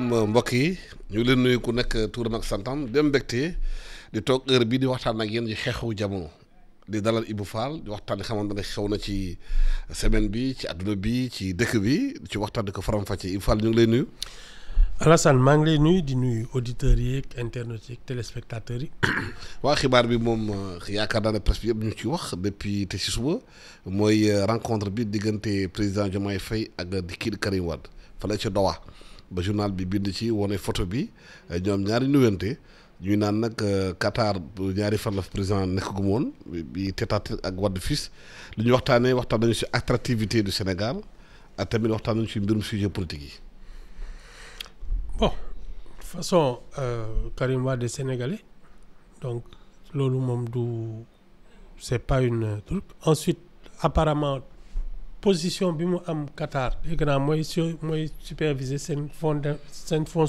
Euh, mbokk yi ñu ngi leen nuyu ku nekk euh, tuuram ak santam dem mbégte di toog heure bii di waxtaan ak yéen ci xeexu jamono di dalal Ibou Fall di waxtaan yi xamante ne xew na ci semaine bi ci àdduna bi ci dëkk bi ci waxtaan di ko faram-fàccee Ibou Fall ñu ngi lay nuyu. Alassane maa ngi lay nuyu di nuyu auditeurs yeeg internautes yeeg téléspectateurs yi. waa xibaar bi moom euh, yaakaar naa ne presse bi yëpp ñu ci wax depuis te si suba mooy rencontre bi diggante président Diomaye Faye ak kii Karim Wade fële ca Doha. ba journal bi bind ci wane photo bi euh, ñoom ñaari nuwante ñuy naan nag euh, Qatar ñaari fan la président nekk gu moon bi tête ak Wade fils lu ñu waxtaanee waxtaan nañu si attractivité du Sénégal ak tamit waxtaan nañu si mbirum sujet politique yi. bon façon euh, Karim Wade sénégalais donc loolu moom du c'est pas une truc ensuite apparemment position bi mu am Qatar dégg naa mooy su mooy superviser seen fonds de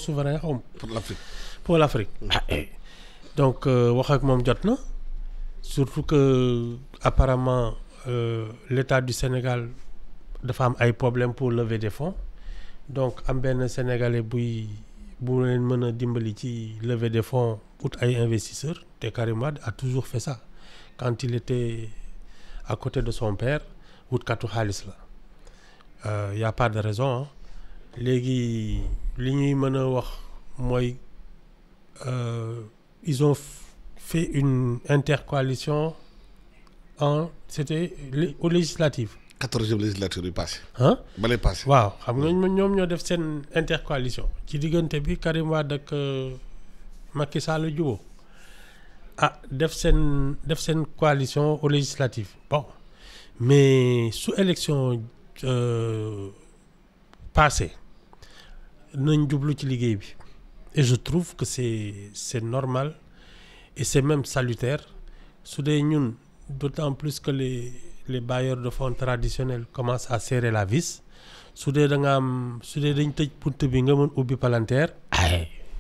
souverain pour l'Afrique pour l'Afrique. Ah, eh. donc euh, wax ak moom jot na surtout que apparemment euh, l'État du Sénégal femmes am ay problèmes pour lever des fonds donc am benn sénégalais buy bu leen mën dimbali ci lever des fonds pour ay investisseurs te Karim a toujours fait ça quand il était à côté de son père wutkatu xaalis la euh, y a pas de raison ah léegi li ñuy mën euh, ils ont fait une intercoalition en c'était au législatif. 14e législature du passé. ah hein? balay passé. waaw xam nga ñoom ñoo def seen intercoalition. ci diggante bi Karim Wadak ak euh, Macky Sall jubóo ah def seen def seen coalition au législatif. bon mais sous élection euh, passée nous avons ci et je trouve que c'est normal et c'est même salutaire Soudain, d'autant plus que les les bailleurs de fonds traditionnels commencent à serrer la vis soudain, nous avons pour am su ou il bi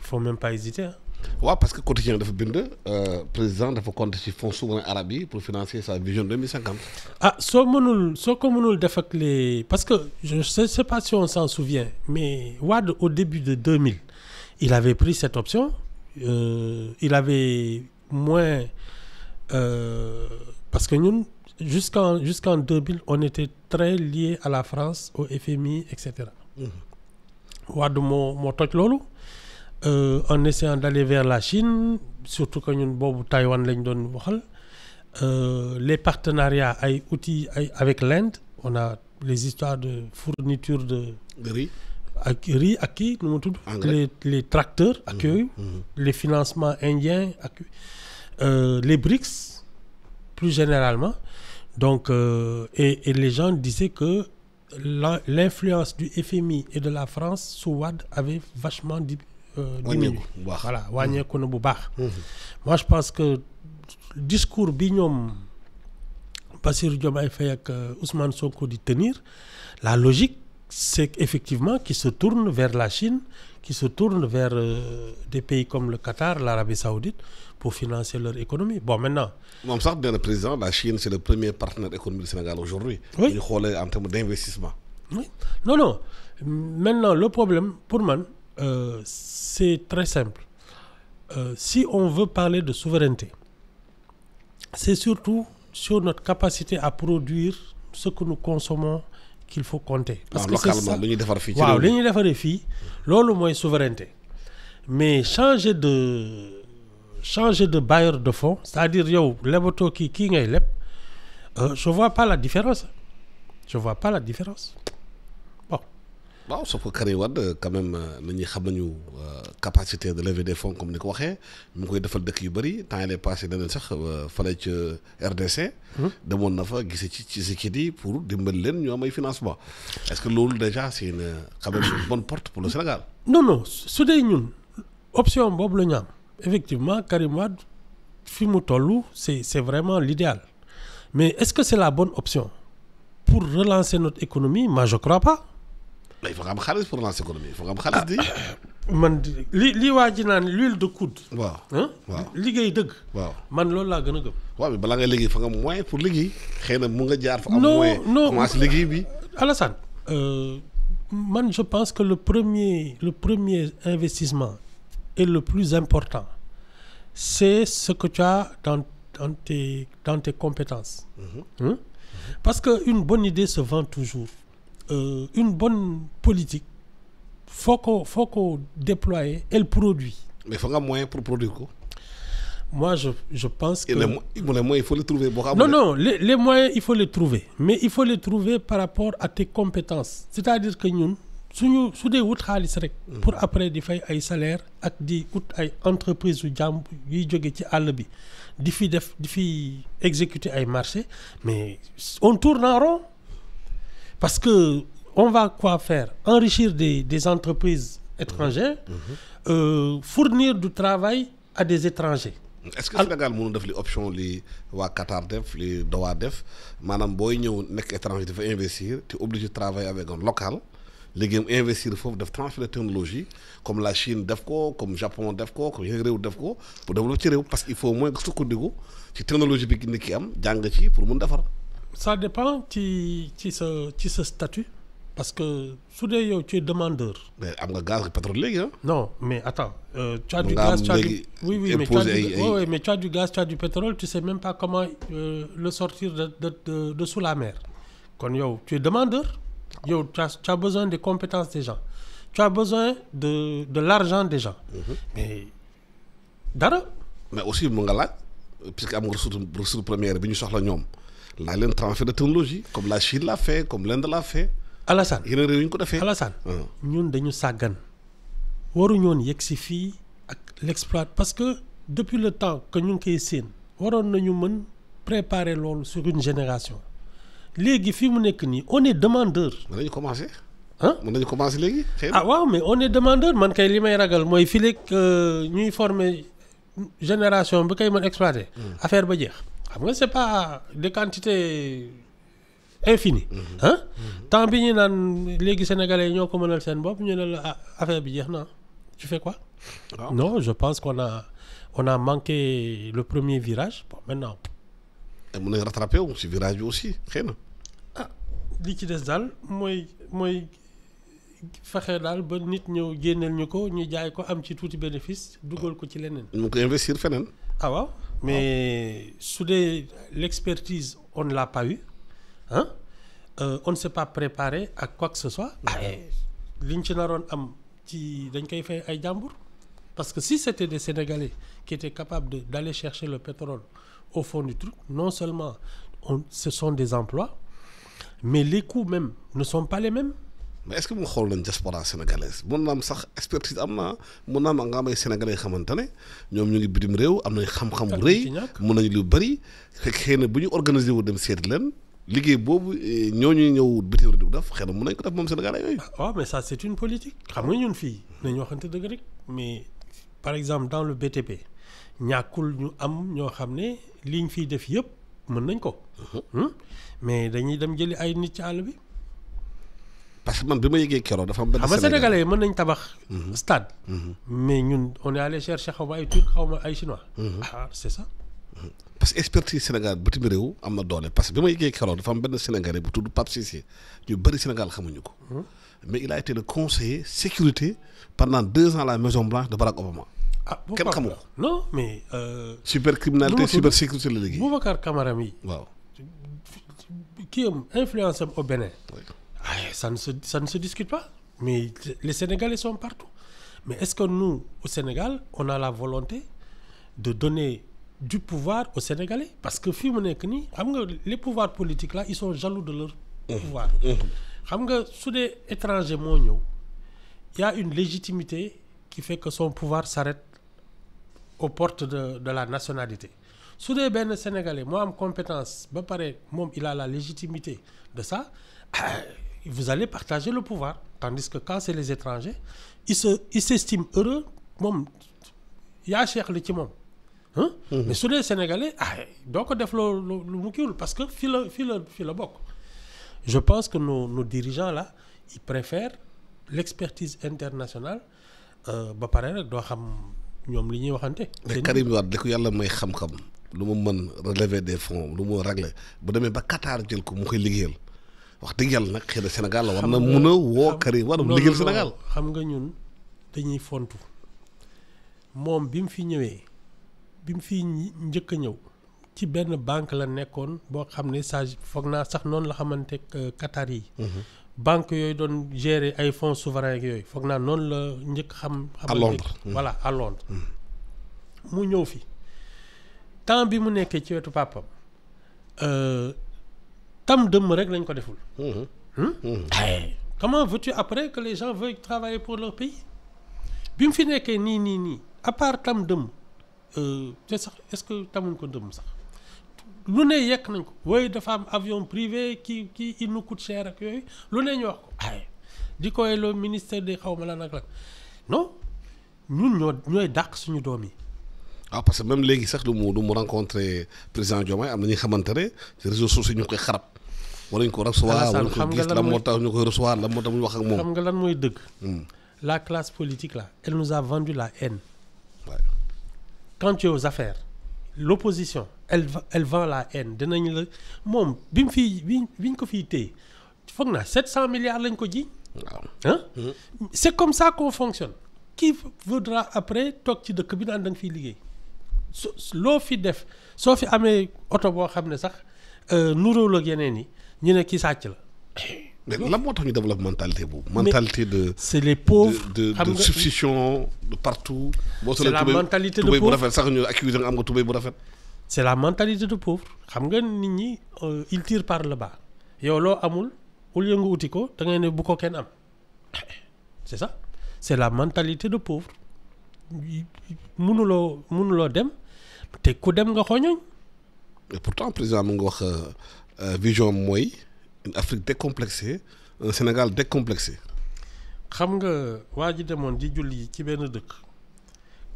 faut même pas hésiter hein. Oui, parce que quotidien Binde, euh, président de compte le fonds souverain arabe pour financer sa vision 2050. ah ce mënul parce que je ne sais pas si on s'en souvient mais Wad, au début de 2000 il avait pris cette option euh, il avait moins euh, parce que nous, jusqu'en jusqu'en 2000 on était très liés à la France au FMI etc. Wad mmh. Wade que mon toj Lolo euh, en essayant d'aller vers la Chine surtout quand nous y Taïwan euh, les partenariats outils avec l'Inde on a les histoires de fourniture de. riz riz les tracteurs. accueillis, mhm, mhm. les financements indiens euh, les BRICS plus généralement donc et les gens disaient que l'influence du FMI et de la France sur WAD avait vachement diminué. Euh, voilà moi je pense que discours bi ñoom Bassirou Diomaye fay ak euh, Ousmane Sonko di tenir la logique c'est effectivement qui se tourne vers la Chine qui se tourne vers euh, des pays comme le Qatar, l'Arabie Saoudite, pour financer leur économie. Bon, maintenant. bien le président, la Chine, c'est le premier partenaire économique du Sénégal aujourd'hui. en termes d'investissement. Non, non. Maintenant, le problème, pour moi, euh, c'est très simple. Euh, si on veut parler de souveraineté, c'est surtout sur notre capacité à produire ce que nous consommons qu'il faut compter. Parce ah, que localement, li ñuy defar fi, c'est souveraineté mais changer de changer de bailleur de fonds c'est-à-dire yow lebatoo qui qui ngay euh, je vois pas la différence je vois pas la différence bah sauf que Karim Wade quand même nous avons la capacité de lever des fonds comme nous ko waxee Nous avons koy defal de yu bëri tant est est passé dans sax euh, fallait ca RDC. Hmm? demoon na fa gise ci ci pour nous leen ñu financement est-ce que loolu déjà c'est une quand même une bonne porte pour le Sénégal. non non su ñun option boobu la effectivement Karim Wade c'est c'est vraiment l'idéal mais est-ce que c'est la bonne option pour relancer notre économie moi je crois pas mais il faut nga am xaalis pour lancer économie il faut nga am xaalis di. Ah, man li li waa ji l'huile de coude. waaw hein? waaw liguey deug waaw man loolu la gëna a gëm. waaw mais bala ngay liguey fa nga moyen pour liguey xëy mu nga jaar. fa am moyen commence liguey bi. Alassane. euh man je pense que le premier le premier investissement est le plus important c'est ce que tu as dans dans tes dans tes compétences. Mmh. Hein? Mmh. parce que une bonne idée se vend toujours. Euh, une bonne politique, faut qu'on faut qu'on déploie, elle produit. Mais il faut un moyen pour produire quoi Moi, je, je pense que... Les, les moyens, il faut les trouver. Non, non, les, moyens, il faut les trouver. Mais il faut les trouver par rapport à tes compétences. C'est-à-dire que nous, Si nous sommes wut xaalis rek. Mm. pour après di fay ay salaire ak di wut ay entreprise yu jàmb yuy jóge ci àll bi di fi exécuter marché mais on tourne en rond. Parce que on va quoi faire Enrichir des, entreprises étrangères, mhm. Mhm. Euh, fournir du travail à des étrangers. est-ce que le Sénégal peut faire l'option option les Qatar def Doha def Mme booy ñëw étranger dafa investir te obligé travailler avec un local Les gens investir ils doivent transférer technologie comme la Chine comme le comme Japon DEFCO, comme le DEFCO, pour développer parce qu'il faut au moins que ci technologie bi technologies ki am pour faire ça dépend de ce, statut parce que soudain tu es demandeur. mais am gaz pétrole hein. non mais attends. Euh, tu as du gaz tu as du pétrole. oui mais tu mais tu as du gaz tu as du pétrole tu sais même pas comment euh, le sortir de de sous la mer Quand tu es demandeur. tu as tu as besoin des compétences des gens tu as besoin de de l'argent des gens. Mhm. mais dara. mais aussi mon puisque am ressource ressource première bi ñu soxla Là, ils ont transfert de technologie comme la Chine l'a fait comme l'Inde l'a fait. Alassane yeneen réew yi ñu ko defee. Alassane ah. ñun dañu sàggan waruñoon nous si fii ak l'exploit parce que depuis le temps que nous ngi koy nous waroon nañu préparer loolu sur une génération Les mu on est demandeur. On nañu commencer. On hein? mën commencer léegi. ah ouais, mais on est demandeur man kay li may ragal mooy fii léegi euh, ñuy former génération bi kay man exploiter. Mm. affaire ba jeex xam c'est pas des quantités infinies. Tant mm-hmm. hein? mm-hmm. temps bi ñu nan légui sénégalais ñoko ko mënal seen bopp ñu la ah, affaire bi na tu fais quoi. Ah. non je pense qu'on a on a manqué le premier virage bon maintenant. Et mën rattraper ce virage aussi rien. ah li ci dess fexe daal ba nit ñëw génneel ñu ñu jaay ko am ci tuuti bénéfice dugal ko ci mu ko investir ah waaw mais l'expertise on ne l'a pas eu hein? euh, on ne s'est pas préparé à quoi que ce soit. Ah. liñ ci naroon am ci dañ koy fay ay jàmbur. Parce que si c'était des Sénégalais qui étaient capables d'aller chercher le pétrole au fond du truc, non seulement ce sont des emplois, mais les coûts même ne sont pas les mêmes. mais est-ce que mu xool nañ diaspora sénégalaise mun na am sax expertise am na mun naa am nga am ay sénégalais xamante ne ñoom ñu ngi bitim réew am nañ xam-xam bu rëy mun nañ lu bëri fekk xëy na bu ñu organisé wu dem seeti leen liggéey boobu eh, ñoo ñuy ñëw bitim réew daf xëy na mun nañ ko def moom sénégalais yooyu ah, waaw mais ça c'est une politique xam nga ñun fii nañ waxante dëgg rek mais par exemple dans le BTP ñàkkul ñu am ñoo xam ne liñ fii def yëpp mën nañ ko uh-huh. hmm? mais dañuy dem jëli ay nit ci àll bi parce que man bi ma yëgee keroog dafa am benn. Sénégalais sénégalais yi mën nañ tabax. Mhm. stade. Mhm. mais ñun on est allé chercher des ma ay turc ay chinois. Mhm. ah c'est ça. parce que expertise Sénégal bitim réew am na parce que bi ma yëgee keroog dafa am benn sénégalais bu tudd Pape Cissé ñu bëri Sénégal xamuñu ko. mais il a été le conseiller sécurité pendant deux ans à la Maison Blanche de Barack Obama. Quel ah, kenn xamu ko non mais. Euh, super criminalité super sécurité la léegi. Boubacar Camara mi. waaw. kii influence au Bénin. Ah, ça ne, se, discute pas. Mais les Sénégalais sont partout. Mais est-ce que nous, au Sénégal, on a la volonté de donner du pouvoir aux Sénégalais Parce que les pouvoirs politiques, là, ils sont jaloux de leur mmh. Mmh. pouvoir. Sous des étrangers il y a une légitimité qui fait que son pouvoir s'arrête aux portes de, la nationalité. Sous des Sénégalais, moi, en compétence, il a la légitimité de ça. Ah, vous allez partager le pouvoir. Tandis que quand c'est les étrangers, ils s'estiment se, heureux. Bon, il y a cher le Hein? Mm mais sur les sénégalais ah doo ko def loo lu parce que c'est le fii je pense que nos nos dirigeants là ils préfèrent l'expertise internationale euh, ba pare rek doo xam ñoom li ñuy waxante. mais Karim Wade li que yàlla may xam-xam lu mu relever des fonds lu mu régler bu demee ba Qatar jël ko mu koy liggéeyal. wax dëgg yàlla nag xëy na Sénégal la war na mun woo Karim war na liggéeyal Sénégal xam nga ñun dañuy fontu moom bi mu fi ñëwee bi mu fi njëkk a ñëw ci benn banque la nekkoon boo xam ne sa foog naa sax noonu la xamante euh, Qatar yi mhm. banque yooyu doon gérer ay fonds souverains yooyu foog naa noonu la njëkk xam xam mhm. voilà à mhm. mu ñëw fi temps bi mu nekkee ci wetu papam euh, tam dem rek lañ ko deful. Hum, hum. Hum? Eh, comment veux-tu après que les gens veuillent travailler pour leur pays bim fi nekké ni ni. ni à part tam dem. Euh, te sax est-ce que tamuñ ko dëmm sax lu ne yek nañ ko wooy dafa am avion privé qui qui il nous coûte cher ak yooyu lu ne ñu wax ko ay eh, di koy le ministère de xawma la nak non ñun ñoy dakk suñu doom yi. Ah parce que même les sax du mu nous rencontrer président Diomaye am na ñuy xamante ne ci réseaux sociaux ñu koy xarab. wala ñu ko recevoir ah, wala ñu ko gis lan moo tax ñu koy recevoir la motax ñu wax ak mom xam nga lan moy deug hmm. la classe politique là elle nous a vendu la haine. Ouais. quand tu es aux affaires l'opposition elle elle vend la haine dinañ la moom bim, mu fii bi ko fi téye foog 700 milliards lañ ko ji. hein hmm. c'est comme ça qu'on fonctionne. qui voudra après tok ci deuk bi naan da nga fiy liggéey su loo fi def soo fi amee oto boo xam ne sax euh, nuróol ak yeneen yi ñu ne ki sàcc la. mais lan moo tax ñu développe mentalité boobu. mentalité de c'est les pauvres de de substitution de partout. boo solee tubéy la mentalité de pauvre bu rafet sax ñu accuser nga am nga tubéy bu rafet. c'est la mentalité de pauvre xam nga nit ñi euh, il tire par le bas yow loo amul au lieu nga uti ko da ngay ne bu ko kenn am c'est ça c'est la mentalité de pauvre mënuloo mënuloo dem te ku dem nga xooñooñ et pourtant président mu ngi wax euh, euh, vision mooy une Afrique décomplexée un Sénégal décomplexé. xam nga waa ji demoon di julli ci benn dëkk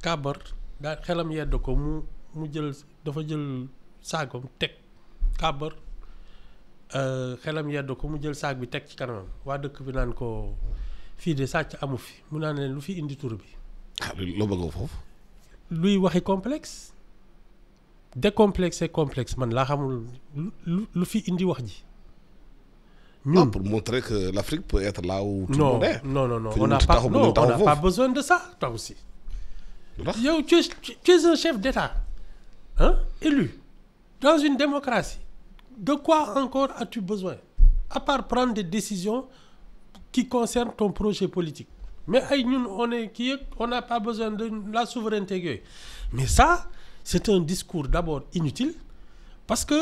kàbbar daa xelam yedd ko mu mu jël dafa jël saagam teg kàbbar euh, xelam yedd ko mu jël saag bi teg ci kanamam waa dëkk bi naan ko fii de sàcc amu fi mu naan leen lu fi indi tur bi. ah loo bëgg foofu. luy waxi complexe décomplexé complexe man xamul lu fi indi wax ji. pour montrer que l'Afrique peut être là où tout le monde est. non non non on n'a pas besoin de ça toi aussi. tu es un chef d'État hein élu dans une démocratie de quoi encore as-tu besoin à part prendre des décisions qui concernent ton projet politique mais nous, on on n'a pas besoin de la souveraineté mais ça c'est un discours d'abord inutile parce que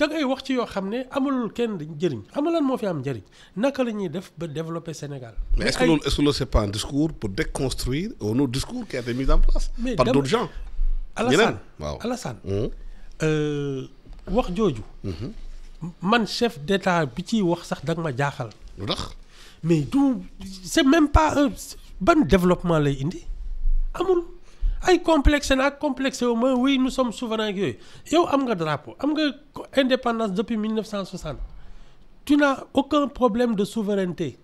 dagay wax ci yo xamné amul kenn xam lan am jëriñ naka def développer Sénégal. mais est-ce que est-ce que pas un discours pour déconstruire un discours qui a été mis en place. par d'autres gens. Alassane Alassane. Hum? Euh, wax mhm. chef d'État bi wax sax ma mais c'est même pas un bon développement lay ay complexe na complexe au oui nous sommes souverains ak yow am nga drapeau am nga indépendance depuis 1960 tu n'as aucun problème de souveraineté.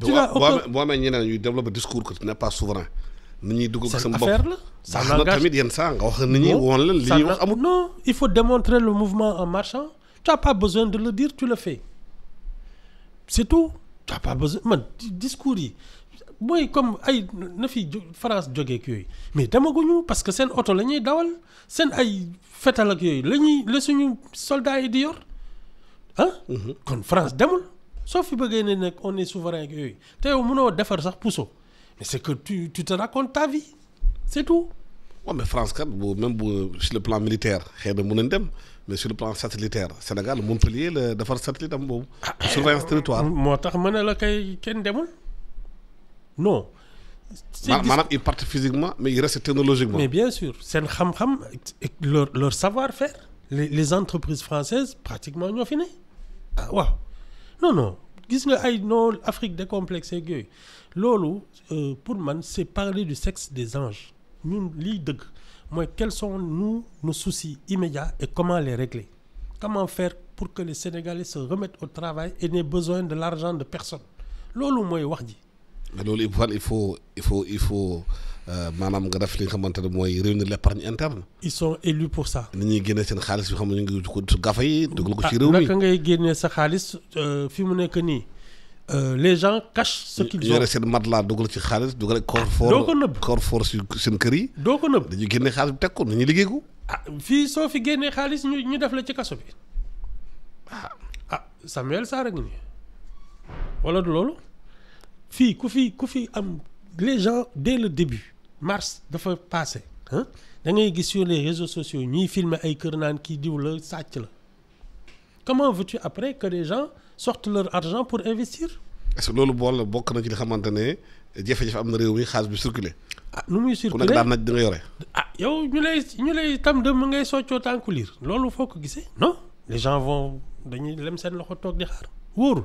tu n'as aucun boo amee développé discours que tu n'es pas souverain. ni dugg ak ça tamit Ça wax ni non il faut démontrer le mouvement en marchant tu n'as pas besoin de le dire tu le fais c'est tout tu n'as pas besoin man discours mooy comme ay na fi France jógeek yooyu mais demaguñu parce que seen oto la ñuy dawal seen ay fetal ak yooyu la ñuy la suñu soldats yi di yor ah. Mhm. kon France demul soo fi bëggee ne nag on est souverain ak yooyu te yow mënoo defar sax pousso mais c'est que tu tu te racontes ta vie c'est tout. waaw mais France kat bu même bu sur le plan militaire xëy na mën nañ dem mais sur le plan satellitaire Sénégal Montpellier la defar satellite am boobu. Ah, surveillance territoire moo tax mën na la kay kenn demul non. ils partent physiquement mais ils restent technologiquement. mais bien sûr leur leur savoir-faire les entreprises françaises pratiquement ont fini. fini. non non L'Afrique nga ay non Afrique décomplexée euh, pour moi c'est parler du sexe des anges quels sont nos soucis immédiats et comment les régler comment faire pour que les Sénégalais se remettent au travail et n'aient besoin de l'argent de personne moi, moi, je dis mais loolu il faut il faut il faut il faut euh, nga li nga l'épargne interne. ils sont élus pour ça. ni Il génne seen xaalis xam ne ngi gafa yi dugal ci fi mu euh, les gens cachent ce qu'ils ont. Il seen Il faut. dugal ci xaalis dugal ak. Ah, faut. doo ko Il faut. ko Il dañuy génne xaalis bi teg ko il ah fii soo fi Il xaalis ñu ñu la ci bi ah. ah Samuel Sarr ngi wala du fii ku fi ku fi am les gens dès le début mars dafa passé hein da ngay gis sur les réseaux sociaux ñi filmer ay keur nan ki diw la la comment veux-tu après que les gens sortent leur argent pour investir. est-ce que loolu bol bok na ci li xamante ne jafe am na rew mi xaalis bi circuler ah nu muy circuler ko nak daan na da nga yore. ah yow ñu lay ñu lay tam de mu ngay soccoo tànku liir loolu foo non les gens vont dañuy lem sen loxo tok di xaar wóorul.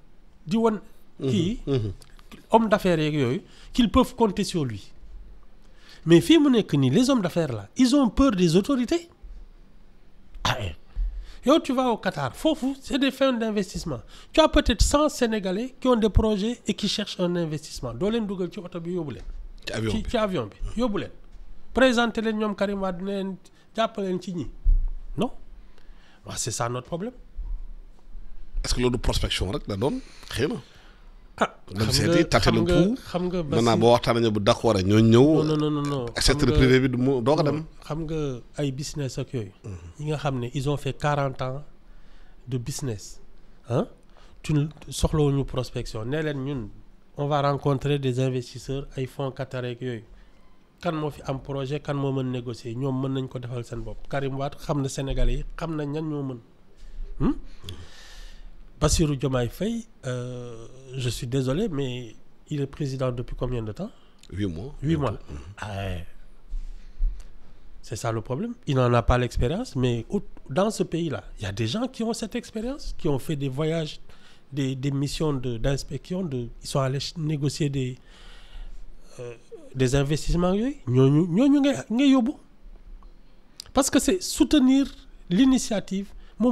di won mhm, mhm. homme d'affaires qui yoy qu'ils peuvent compter sur lui mais fi mu nek les hommes d'affaires là ils ont peur des autorités ah, et eh. tu vas au Qatar c'est des fins d'investissement tu as peut-être 100 Sénégalais qui ont des projets et qui cherchent un investissement tu leen un ci Tu bi un ci avion bi yóbbu présenter leen Karim Wade ne leen non c'est ça notre problème est-ce que loolu prospection rek la ah non non non business ils ont fait 40 ans de business. Hein? tu prospection on va rencontrer des investisseurs ay fonds qatareek yooyu. kan moo fi am projet kan moo négocier On ko Karim Sénégalais Bassirou Diomaye Faye, euh, je suis désolé, mais il est président depuis combien de temps Huit mois. Huit mois. Ah mhm. c'est ça le problème. Il n'en a pas l'expérience, mais dans ce pays-là, il y a des gens qui ont cette expérience, qui ont fait des voyages, des, missions d'inspection, de, ils sont allés négocier des, euh, des investissements. Parce que c'est soutenir l'initiative, mon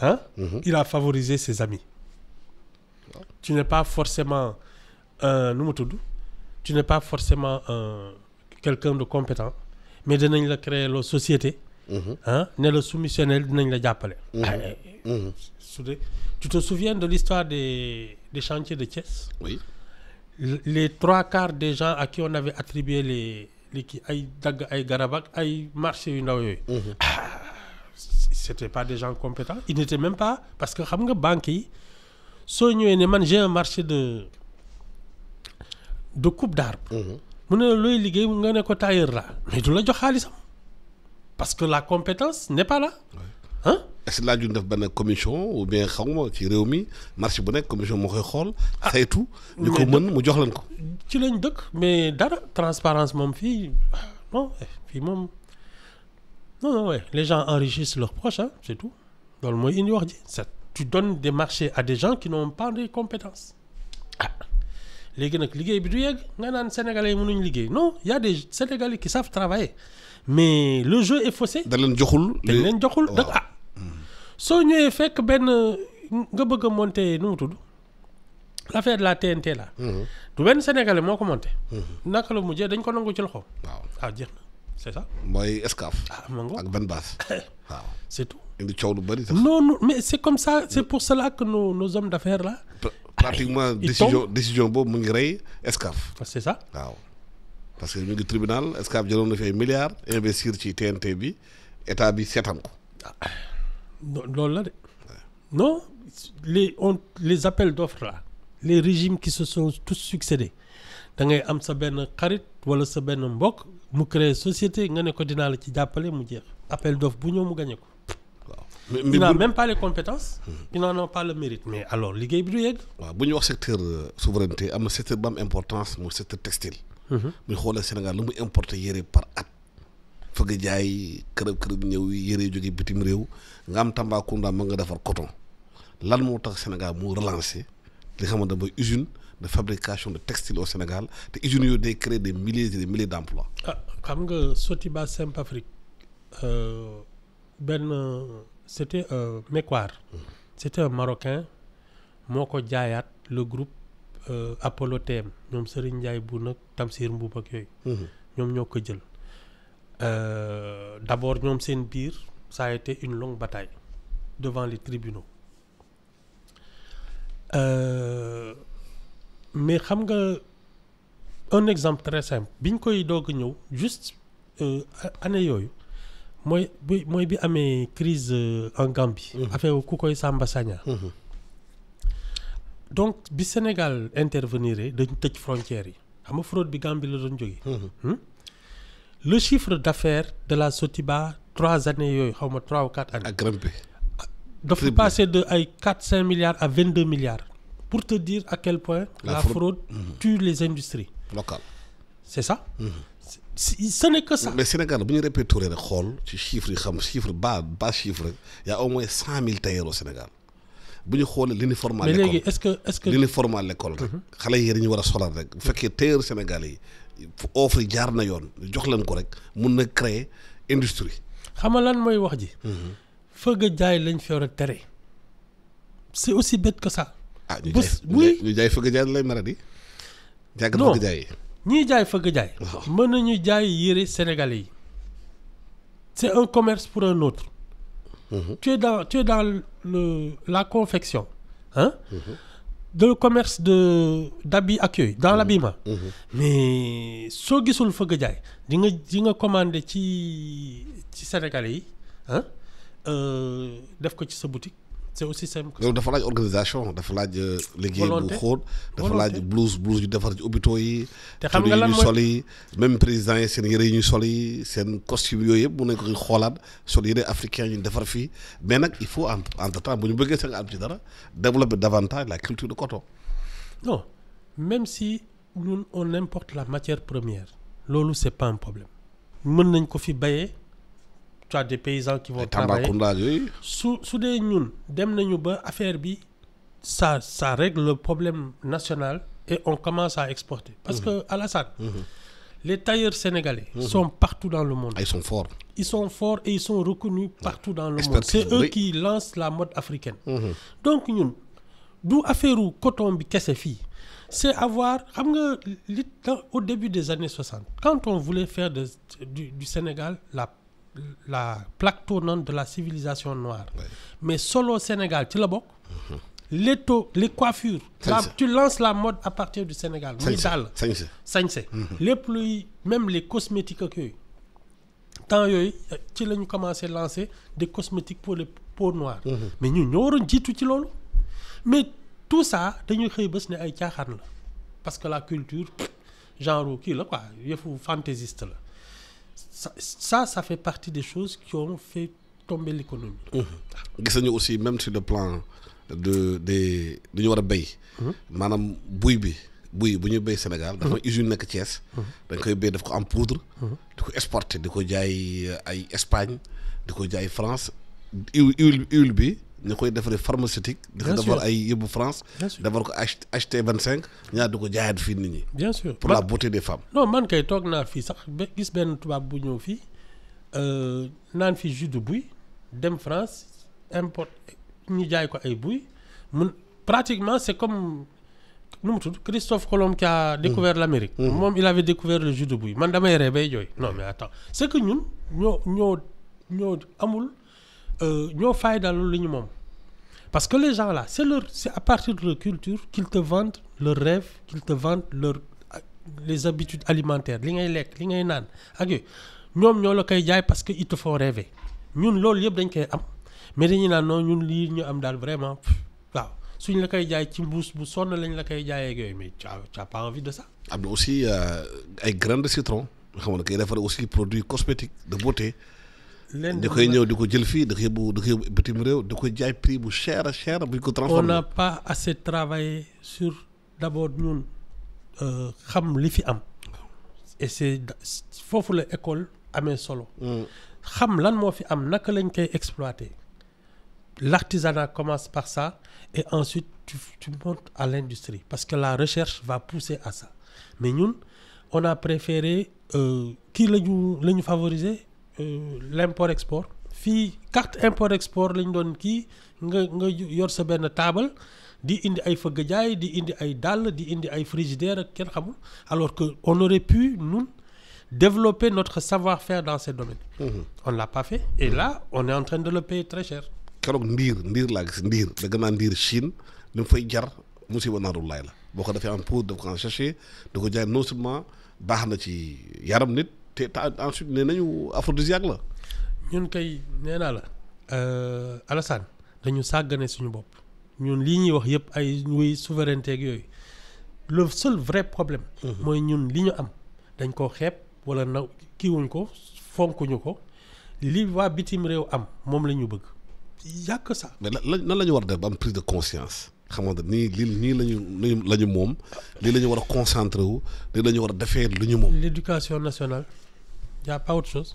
Hein? Mhm. il a favorisé ses amis. Tu n'es pas forcément un Noumoutoudou, tu n'es pas forcément quelqu'un de compétent, mais il le créer la société. Mhm. hein, n'est le soumissionnel tu te souviens de l'histoire des des chantiers de Thiès. oui les trois quarts des gens à qui on avait attribué les les qui aïe marché c'était pas des gens compétents ils n'étaient même pas parce que xam nga banque yi soo man j'ai un marché de de coupe d'arbre mhm. mu ne looy liggéey nga ne ko tailleur là. mais du la jox xaalisam parce que la compétence n'est pas là hein est-ce que laajuñ def benn commission ou bien xawma ci réew mi marché bu commission moo koy xool ah. tout ñu ko mën mu jox leen ko ci lañ mais dara transparence mon fii ah, non eh, fii moom non, non, ouais. Les gens enrichissent leurs proches, hein, c'est tout. Dans le moyen ignoré. Tu donnes des marchés à des gens qui n'ont pas de compétences. Ah. Les gens qui liggéey bi du yegg nga naan sénégalais yi mënuñ non non y a des sénégalais qui savent travailler mais le jeu est faussé. da ne joxul da leen joxul da ah. soo ñëwee fekk ben nga bëgg monter nous tout l'affaire de la TNT là. tu mhm. ben sénégalais moo ko monter. Mhm. naka la mujjee dañ ko nangu ci loxo. waaw ah, c'est ça moi escaf. Ah, ak ban base. c'est tout. indi coow lu bëri non non mais c'est comme ça c'est pour cela que nos nos hommes d'affaires là. pratiquement décision décision boobu mu ngi rey escaf. Ah, c'est ça waaw. parce que ñu ngi tribunal escaf jëloon na fi milliards investir ci TNT bi état bi seetaan ko. Ah, loolu la non les on les appels d'offres là les régimes qui se sont tous succédés da ngay am sa ben xarit wala sa ben mbokk mu créer société nga ne ko dina la ci jàppale mu jeex appel d'offre bu ñëw mu gagné ko mais mais même pas les compétences. ils n'en pas le mérite. mais alors ligue bi du yegg. waaw wax secteur euh, souveraineté am secteur bam importance mooy secteur textile. bu mhm. ñu Sénégal lu mu importer yéré par at. fëgg jaay kërëb kërëb ñew yéré yu jógee bitim réew nga am Tambacounda ma nga défar coton lan mo tax Sénégal mo relancer li nga xamante usine de fabrication de textiles au Sénégal ils ont ont créé des milliers et des milliers d'emplois. ah Sotiba saint Sotiba euh, ben c'était Mekwar. c'était un Marocain Moko a le groupe euh, Apollo TM Serigne le bu nag Tamsir Mbuub Nous sommes d'abord nous, ça a été une longue bataille devant les tribunaux. Euh, mais xam nga un exemple très simple biñ koy doog ñëw juste euh, année yooyu mooy bi mooy bi amee crise euh, en Gambie. Mhm. affaire ku koy Samba Sagna. Mhm. donc bi Sénégal intervenir dañ tëj frontières yi xam nga fraude bi Gambie la doon jógee. Mhm. Hmm? le chiffre d'affaires de la Sotiba trois années yooyu xaw ma trois ou quatre années. a grimpé. dafa passé de ay quatre cinq milliards à vingt deux milliards pour te dire à quel point la, fraude, mhm. tue les industries. locales. c'est ça. Mhm. ce n'est que ça. mais Sénégal si on répète les chiffres les chiffres bas y' a au moins 100 000 tailleurs au Sénégal Si on regarde l'uniforme à l'école mais que que à l'école créer industrie. xam lan mhm. tu c'est aussi bête que ça ah oui ñu jaay fëgg jaay lay mara di. jàkk fëgg jaay ñiy jaay fëgg jaay. mën nañu jaay yére sénégalais yi. c'est un commerce pour un autre. Mhm. Tu es dans, tu es dans le, la confection, hein? Mhm. de le commerce de d'habits accueil, dans mmh. l'habillement. Mhm. Mais soo gisul fëgg jaay di nga di nga commander ci ci Sénégalais yi ah def ko ci sa boutique c'est aussi simple donc dafa laaj organisation dafa laaj. Euh, liggéey bu xóot dafa laaj blouse blouse yu defar ci hôpitaux yi. te xam nga lan mooy même président yi seen yëre yi ñuy soli yi seen costume yooyu yëpp mun nañ ko xoolaat sol yëre africain yi defar fii mais nag il faut en entre temps bu ñu bëggee sax am ci dara développer davantage la culture de coton. non même si ñun on importe la matière première loolu c' est pas un problème mën nañ ko fi bayee tu as des paysans qui vont travailler Sous sous des ñun dem ba affaire ça règle le problème national et on commence à exporter parce que mhm. Alassane mhm. les tailleurs sénégalais mhm. sont partout dans le monde ah, ils sont forts ils sont forts et ils sont reconnus partout dans le monde c'est eux qui lancent la mode africaine donc ñun du affaire coton c'est avoir au début des années 60 quand on voulait faire du, du Sénégal la la plaque tournante de la civilisation noire. Mais solo au Sénégal, tu l'as mhm. Les coiffures, tu lances la mode à partir du Sénégal. Les mhm. pluies, même les cosmétiques que Tant tu l'as commencé à lancer des cosmétiques pour les peaux noires. Mhm. Mais nous, nous avons dit tout ça. Mais tout ça, nous avons dit Parce que la culture, genre, qui là quoi, il fantaisiste ça, ça, fait partie des choses qui ont fait tomber l'économie. Mhm. gis nañu aussi même sur le plan de des du ñu war a béy. Mhm. maanaam buy bi buy bu ñuy Sénégal. Mhm. usine nekk Thiès. dañ koy béy en poudre. di ko exporter di ko jaay ay Espagne di ko en France huile huile bi ñu koy pharmaceutiques, pharmaceutique. di ko defar ay yóbbu France. defar ko HT25 ñaar di ko jaayaat fii nit bien sûr pour la beauté des femmes. non man kay toog naa fii sax ba gis benn tubaab bu ñëw fii euh, naan fi jus de bouille dem France import ñu jaay ko ay bouille pratiquement c'est comme. nu mu Christophe Colomb qui a mm. découvert l'Amérique mm. il avait découvert le jus de bouille. man damay ree bay jooy non mais attends c'est que ñun nous, ñoo ñoo amul euh, ñoo faydalu lu ñu mom parce que les gens là c'est leur c'est à partir de leur culture qu'ils te vendent leur rêve qu'ils te vendent leur les habitudes alimentaires li ngay lek li ngay nan ak ñom ñoo la kay jaay parce que ils te font rêver ñun loolu yeb dañ koy am mais dañuy naan noonu ñun li ñu am dal vraiment waaw suñ la kay jaay ci mbuus bu sonn lañ la kay jaay ak yoy mais tu as pas envie de ça. am aussi euh, ay graines de citron nga kay defar aussi produit cosmétique de beauté cher cher on n'a pas assez travaillé sur d'abord nous, euh, xam li fi am et c'est foofu la école amee solo hmm. xam lan moo fi am n'importe qui koy exploiter l'artisanat commence par ça et ensuite tu, tu montes à l'industrie parce que la recherche va pousser à ça mais nous, on a préféré Qui euh, nous favoriser euh, limport export fii carte import export lañ doon kii nga nga yor sa benn table di indi ay fëgg jaay di indi ay dàll di indi ay frigidaire ak kenn xamul alors que on aurait pu nous développer notre savoir-faire dans ces domaines. Mhm. on l'a pas fait et là on est en train de le payer très cher. keroog mbir mbir laa gis da dëgg naa Chine li mu fay jar musiba naaru laay la boo ko defee en poudre de ko en sachet da ko jaay non seulement baax na ci yaram nit te ensuite nee nañu la. ñun kay euh, Alassane dañu sàggane suñu bopp ñun wax yëpp ay wuy souveraineté ak le seul vrai problème. Mhm. mooy ñun am dañ wala ko fonkuñu ko li am bëgg mais war prise de conscience. xam war concentré l'éducation nationale y a pas autre chose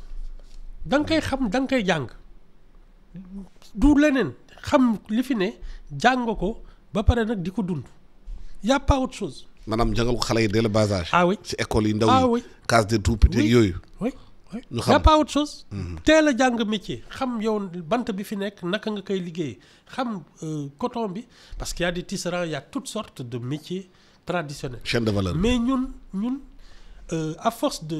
da nga koy ah. xam da nga d'où l'année, du leneen xam li fi ne jàng ko ba pare nag di dund y a pas autre chose. Madame, j'ai ko xale dès le bas âge. ah oui ci école ah yi ah oui case des tout-petits yooyu. oui oui ñu a pas autre chose. Mhm. Tel a jàng métier xam yow bante bi fi nek naka nga koy liggéeyee xam euh, coton bi parce qu'il y a des tisserands il y a toutes sortes de métiers traditionnels. chaîne de valeur mais ñun ñun euh, à force de.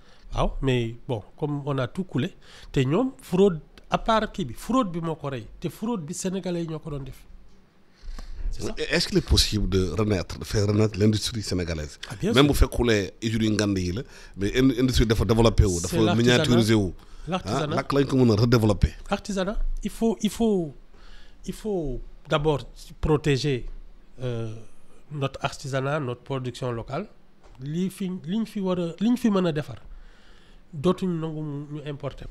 waaw mais bon comme on a tout coulé te ñoom fraude à part qui bi fraude bi moo ko rey te fraude bi sénégalais yi ñoo ko doon def. est-ce qu'il est possible de renaître de faire renaître l'industrie sénégalaise. Ah, même bu fait couler yu ngand yi la mais industrie dafa développé wu. dafa miniaturisé wu. l'artisanat ah, naka artisanat il faut il faut il faut d'abord protéger euh, notre artisanat notre production locale lii fi li ñu fi war a d'autres n'ont ñu importer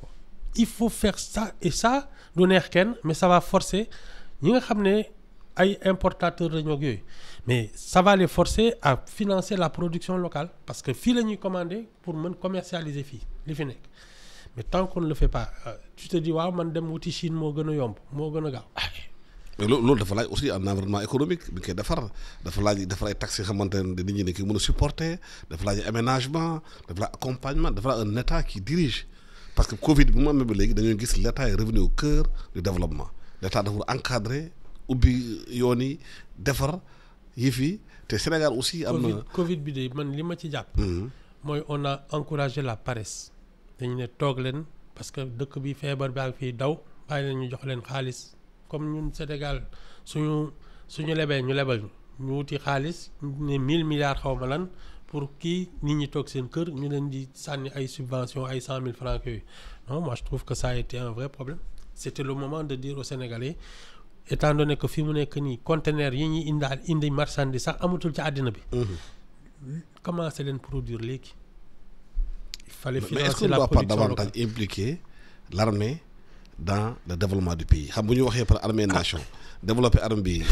il faut faire ça et ça donner ken mais ça va forcer nous nga xam importateurs de ak mais ça va les forcer à financer la production locale parce que les nous commander pour commercialiser les les fi mais tant qu'on ne le fait pas euh, tu te dis waouh man dem de Chine moo mais loolu dafa laaj aussi un environnement économique bi ñu koy defar dafa laaj defar ay taxes yi xamante ne nit ñi dañ koy mën a supporter dafa laaj aménagement dafa laaj accompagnement dafa laaj un état qui dirige parce que Covid bu mu amee ba léegi dañoo gis l' état est revenu au cœur du développement l' état encadrer ubbi yoon yi defar yëf yi te Sénégal aussi. am na Covid bi de man li ma ci jàpp. Mhm. mooy on a encouragé la paresse. dañu ne toog leen parce que dëkk bi feebar bi ngi fiy daw bàyyi leen ñu jox leen xaalis comme nous, au Sénégal suñu suñu lebe ñu lebal ñu wuti xaliss 1000 milliards pour qui nit ñi tok seen kër ñu leen di ay subventions ay 100 francs non moi je trouve que ça a été un vrai problème c'était le moment de dire aux Sénégalais étant donné que fi mu nekk ni conteneurs yi ñi marchandises, indi marchandise sax amatul ci adina bi. c'est leen produire il fallait financer la production mais est-ce qu'on doit pas impliquer l'armée dans le développement du pays xam bu ñu waxee par armée nation développer arme bi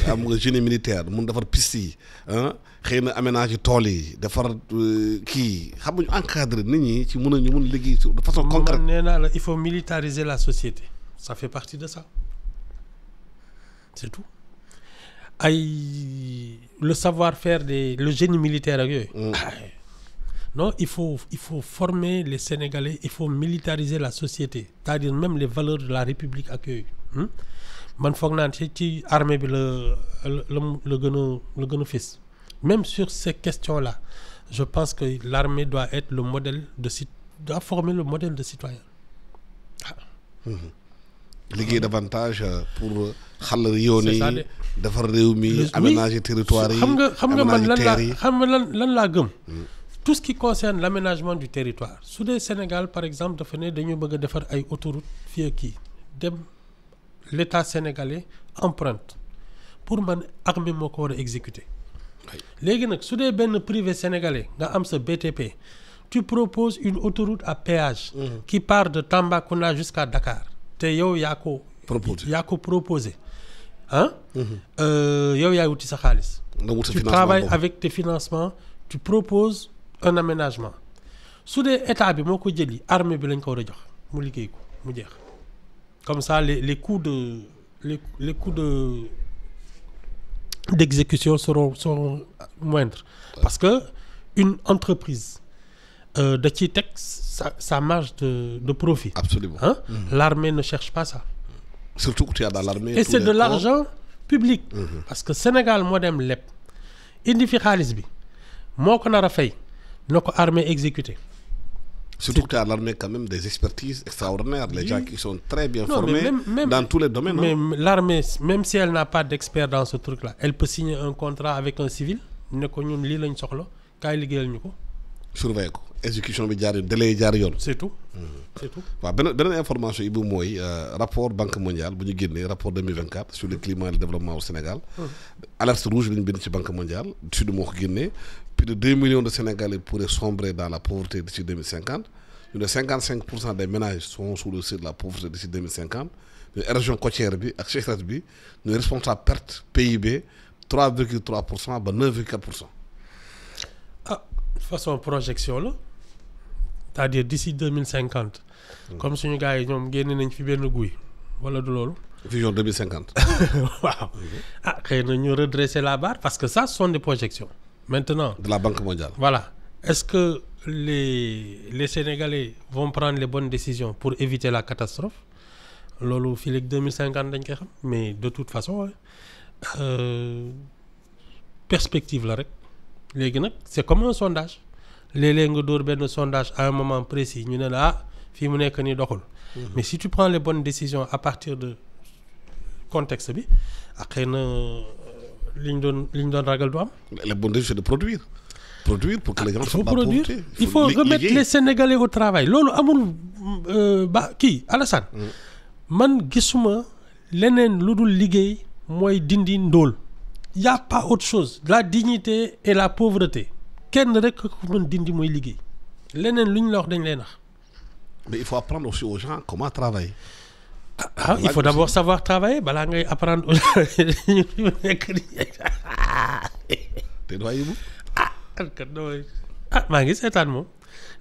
génie militaire mun defar piste yi hein, xëy na aménage tool yi defar euh, kii xam nga encadrer nit ñi ci ñu de façon concrète. il faut militariser la société ça fait partie de ça c'est tout ay le savoir-faire des le génie militaire ak non, il faut, il faut former les Sénégalais, il faut militariser la société, c'est-à-dire même les valeurs de la République Hmm? man Fognan, ci ci armée bi a fils. même sur ces questions là je pense que l'armée doit être le modèle de doit former le modèle de citoyen ah. Hmm. davantage euh, pour euh, xal yoon yi defar réew aménager territoire yi xam nga xam nga man lan la xam nga lan tout ce qui concerne l'aménagement du territoire sous Sénégal par exemple de ne de bëgg a faire ay autoroute qui l'état sénégalais emprunte pour man mon corps exécuter les ben privé sénégalais nga am BTP tu proposes une autoroute à péage mmh. qui part de Tambacounda jusqu'à Dakar Tu yow yaa proposé hein? mmh. euh, yow tu travailles avec tes financements tu proposes un aménagement sous des états bi armée bi lañ ko comme ça les les coûts de les les coûts de d'exécution seront seront moindres parce que une entreprise euh, ça ça sa marge de de profit. absolument hein? mmh. l'armée ne cherche pas ça. surtout que tu as dans l'armée. et c'est de l'argent public. Mmh. parce que Sénégal moi l'ep Il indi moi qu'on a fay. Donc, armée exécutée. Surtout que a l'armée quand même des expertises extraordinaires, les gens qui sont très bien formés dans tous les domaines. Hein. Mais l'armée, même si elle n'a pas d'expert dans ce truc-là, elle peut signer un contrat avec un civil, ne connaît ni l'un ni l'autre, surveille exécution bi délai c'est tout mhm. c'est tout. waaw beneen information yi bu euh, rapport banque mondiale bu ñu rapport 2024 sur le climat et le développement au Sénégal. Mhm. alerte rouge bi ñu ci banque mondiale sud moo ko plus de 2 millions de Sénégalais pourraient sombrer dans la pauvreté d'ici 2050 55 des ménages sont sous le seuil de la pauvreté d'ici 2050 ñu érosion côtière bi ak sécheresse bi ñu responsable perte PIB 3,3 ba 9,4 ah, De ah façon projection la c'est-à-dire d'ici 2050, hmm. comme si nous avons fait une nañ de Voilà de vision 2050. ah nous redresser la barre parce que ça ce sont des projections. maintenant de la Banque mondiale. voilà est-ce que les Sénégalais vont prendre les bonnes décisions pour éviter la catastrophe lolo c'est 2050, mais de toute façon euh, perspective c'est comme un sondage les léeg nga dóor sondage à un moment précis ñu ne la ah fii mu nekk doxul. Mhm. mais si tu prends les bonnes décisions à partir de contexte bi ak ah, xëy na euh, liñ ñu doon li doon ragal du am. les bonnes décisions de produire. produire pour que les gens ah, soient produire il faut remettre les Sénégalais au travail loolu amul euh, ba kii Alassane. Mm. man gisuma leneen lu dul liggéey mooy dindi il y a pas autre chose la dignité et la pauvreté kenn rek ko mën dindi mooy liggéey leneen luñ la wax dañ lay nax. mais il faut apprendre aussi aux gens comment travailler. ah, ah il faut d'abord savoir travailler bala ngay apprendre te doy yëngu. ah kat doy ah maa ngi seetaan moom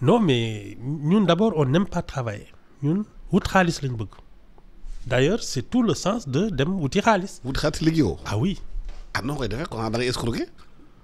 non mais ñun d'abord on n'aime pas travailler ñun wut xaalis lañ bëgg. d'ailleurs c'est tout le sens de dem wuti xaalis. wut xaalis liggéeyoo. ah oui. ah non koy defee kon da ngay escroquer.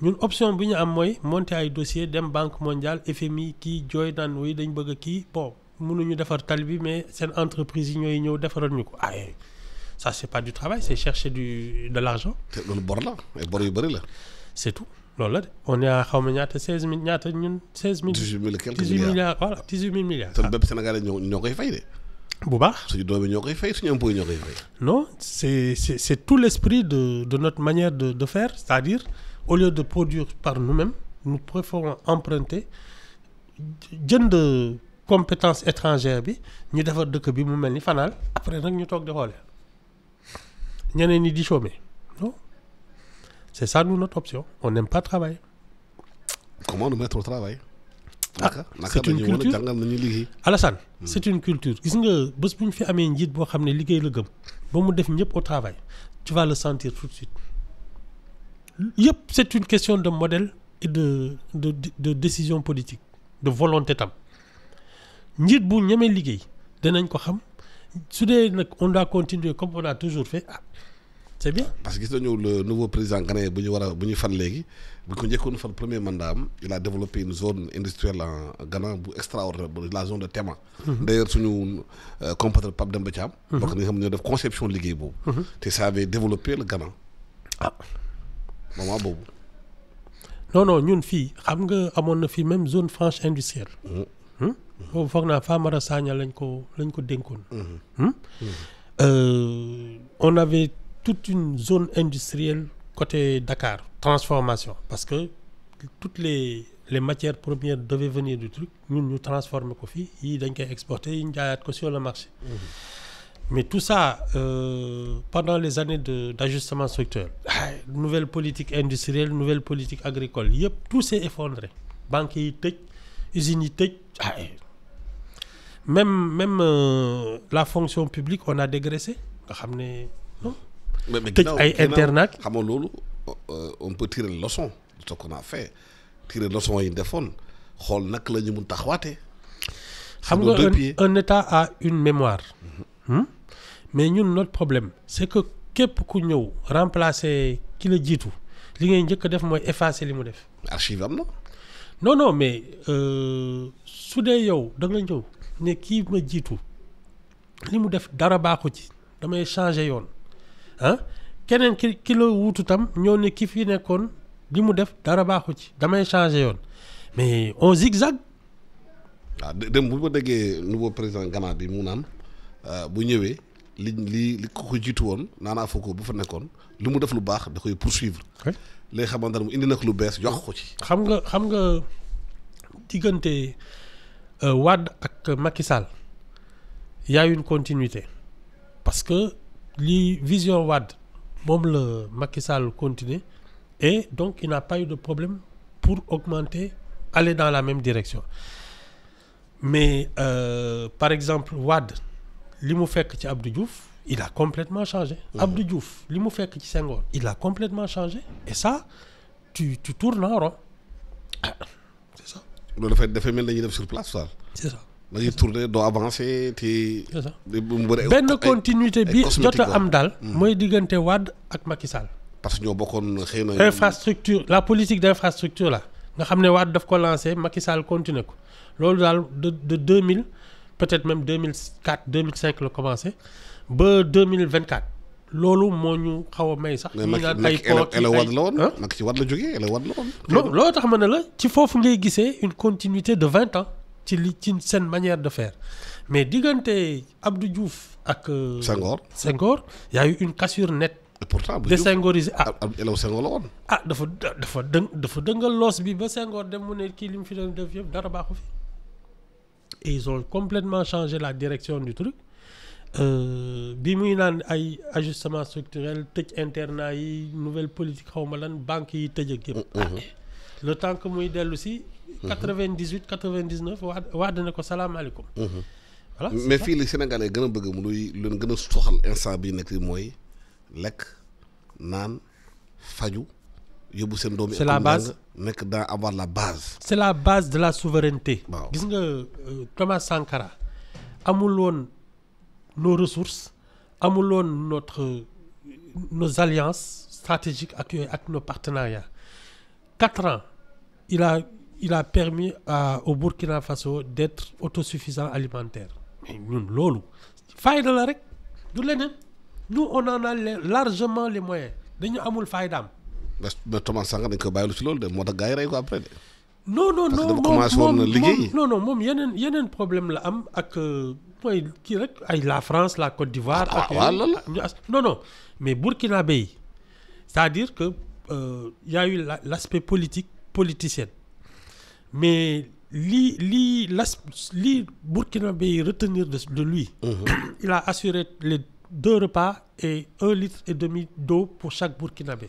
ñun option bi ñu am mooy monter ay dossier dem banque mondiale FMI kii jooy naan woy dañ bëgg a kii bon mënuñu defar tali bi mais seen entreprise yi ñooy ñëw defaral ñu ko ah eh, ça c'est pas du travail c'est chercher du de l'argent. te loolu bor la ay bor yu bëri la. c'est tout loolu la de on est à xaw ma ñaata seize mille ñaata ñun 16 mille. dix-huit mille quelques milliards voilà 18 huit mille milliards. te bépp Sénégalais ñoo ñoo koy fay de. bu baax suñu doom yi ñoo koy fay suñu impôt yi ñoo koy fay. non c'est c'est c'est tout l'esprit de de notre manière de de faire c'est-à-dire au lieu de produire par nous-mêmes, nous préférons emprunter des compétences étrangères. bi devons defar dëkk bi mu mel après nous ñu de di xoole ñeneen ñi di chômer non c'est ça nous notre option on n'aime pas travailler comment nous mettre au travail ah, hmm. c'est une culture Alassane c'est une culture Si tu as fi a njiit boo ne liggéey la au travail tu vas le sentir tout de suite c'est une question de modèle et de de de décision politique de volonté tam njiit bu ñemee liggéey danañ ko xam su on doit continuer comme on a toujours fait ah, c'est bien. parce que nous, le nouveau président ghanéen bu ñu fan bu premier mandat il a développé une zone industrielle en Ghana extraordinaire la zone de Tema. Mhm. d'ailleurs suñu euh, compatriote Pape Demba Thiam. donc mhm. nga nous avons une conception liggéey mhm. Et ça avait développé le Ghana. ah non non nous, on xam nga amon na même zone franche industrielle. Mm-hmm. Hmm? lañ ko mm-hmm. Hmm? Mm-hmm. Euh, on avait toute une zone industrielle côté Dakar transformation parce que toutes les matières premières devaient venir du truc Nous, nous transformons ko nous yi dañ koy exporter yi sur le marché. Mais tout ça, euh, pendant les années d'ajustement structurel, nouvelle politique industrielle, nouvelle politique agricole, tout s'est effondré. Banque usines, même, même euh, la fonction publique, on a dégraissé. Mais, maintenant, euh, on peut tirer une leçon de ce qu'on a fait. Tirer une leçon à une défense. Un, un État a une mémoire. Mm-hmm. Hmm? mais ñun notre problème c'est que képp ku ñëw remplacer ki la jiitu li ngay njëkk a def mooy effacer li mu def. archive non non mais euh, su dee yow da nga ñëw ne kii ma jiitu li mu def dara baaxu ci damay changer yoon ah keneen ki ki la wuutu tam ñoo ne ki fi nekkoon li mu def dara baaxu ci damay changer yoon mais on zigzag. Ah, dem bu ma déggee nouveau président Ghana bi mu naan euh, bu ñëwee li li li ko jiitu won nana foko bu fa nekkoon limu def lu bax da koy poursuivre. léegi xamante ne mu indi nag lu bees jox ko ci. xam nga xam nga diggante euh, Wad ak Macky Sall y a une continuité parce que li vision Wad, mom le Macky Sall continuer et donc il n'a pas eu de problème pour augmenter aller dans la même direction mais euh, par exemple Wad, limu mu fekk ci Abdou Diouf il a complètement changé. Mhm. Abdou Diouf limu fekk ci Senghor il a complètement changé et ça tu tu tournes en rond. c'est ça Le fait dafay mel dañuy def sur place ça. c'est ça dañuy tourner doo avancer ti c'est ça ben continuité bi jot am dal moy mhm. diggante wad ak Macky Sall. parce que ñoo bokkoon xëy infrastructure la politique d'infrastructure là, nga xamné Wad daf ko lancer Macky Sall continué ko lolu dal de de deux peut-être même 2004 2005 le commencer ba 2024 loolu moo ñu xaw may sax. ñu naan ay kooku ay mais ci Wade la hein? joggé Ela Wade la won non loolu tax ma la ci fofu ngay gissé une continuité de 20 ans ci li ci seen manière de faire mais diggante Abdou Diouf ak. Euh, sangor Senghor y a eu une cassure nette. et pourtant bu désengorisé ah Elaw Senghor la woon. ah dafa dafa dë dafa dëngal loss bi ba sangor dem mu ne ki lim fi doon def yëpp dara baaxu fi et ils ont complètement changé la direction du truc euh, bi muy ay ajustement structurel tëj internat yi nouvelle politique xaw banque yi mm-hmm. le temps que muy dellu si 98 99 waa waa dana ko salaamaaleykum mm-hmm. voilà mais fii li Sénégalais, yi gën a bëgg mu luy leen soxal instant bi nekk c'est la base avoir la base. c'est la base de la souveraineté. gis euh, Thomas Sankara amul nos ressources amul notre nos alliances stratégiques Avec nos partenariats quatre ans il a il a permis à au Burkina Faso d'être autosuffisant alimentaire mais lolo fayda la nous on en a largement les moyens amul mais Thomas Sanga dañ ko bàyyilu ci loolu de moo tax gars yi rey ko après de. non non non moom commencé woon na liggéey. non non moom yeneen yeneen problème la am ak euh, mooy kii rek ay la France la Côte d'Ivoire. Ah, ak ah, ñu as non non mais Burkina yi c'est-à-dire que euh, y a eu l'aspect politique politicien mais li li l'as li Burkina yi retenir de de lui. Uh-huh. il a assuré les deux repas et un litre et demi d'eau pour chaque burkinabé.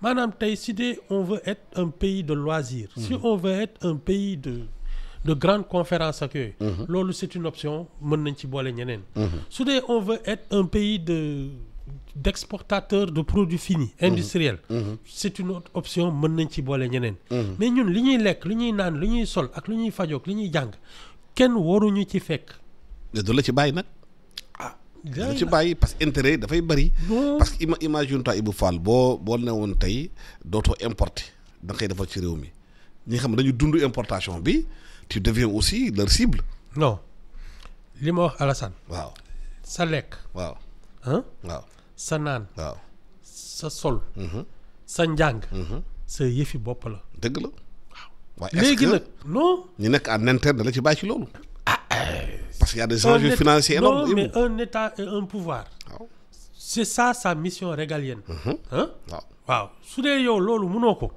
Madame tey si on veut être un pays de loisirs. si mhm. on veut être un pays de de grandes conférences accueillies, mhm. c'est une option on nañ ci mhm. on veut être un pays de d'exportateur de produits finis industriels. c'est une autre option mën nañ ci mais nous, les gens qui nan, ñuy sol ak li ñuy fajook li ñuy jàng kenn waruñu ci fekk. la ci da ci parce que intérêt dafay bëri. parce que ima imagine toi Ibou boo boo ne woon tey dootoo importer da nga ci réew mi ñi xam ne dañu dund importation bi tu deviens aussi leur cible. non li ma wax Alassane. waaw sa lekk. waaw sa naan. waaw sa sol. Mhm. sa njàng. Mhm. sa yëfi bopp la. dëgg la waaw. léegi nag ñu nekk en interne la ci bàyyi ci loolu. Ah, eh. Parce qu'il y a des enjeux financiers énormes. Non, mais un État et un pouvoir. waaw c'est ça sa mission régalienne. ah waaw waaw su dee yow loolu mënoo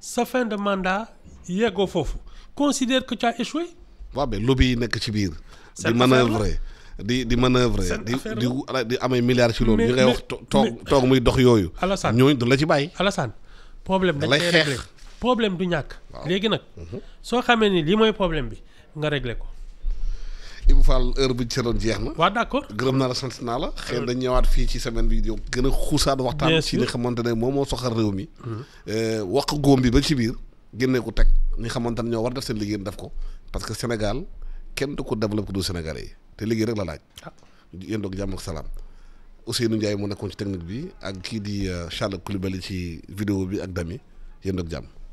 sa fin de mandat yeggoo foofu considère que tu as échoué. waaw mais lobby yi nekk ci biir. di manœuvrer di di manœuvrer di di di amee milliards ci loolu. ñu ngay wax toog toog muy dox yooyu. Alassane ñooñu du la ci bàyyi. Alassane problème dañ koy réglé problème du ñak légui nak mm-hmm. so xamé ni li moy problème bi nga régler ko. Ibou Fall heure bu ñu seetoon jeex na. waaw d' gërëm naa la sant naa la. xëy euh, na dañu ñëwaat fii ci semaine bi ñu gën a xuusaat waxtaan. ci li xamante ne moom moo soxal réew mi. Mhm. Euh, wax góom bi ba ci biir génne ko teg ni xamante ne ñoo war def seen liggéey def ko parce que Sénégal kenn du ko développé du Sénégalais yi te liggéey rek la laaj. Ah. yéen doog jàmm ak salaam. Ousseynou Ndiaye moo nekkoon ci technique bi ak kii di euh, Charles Coulibaly ci vidéo bi ak Dami yéen doog jàmm.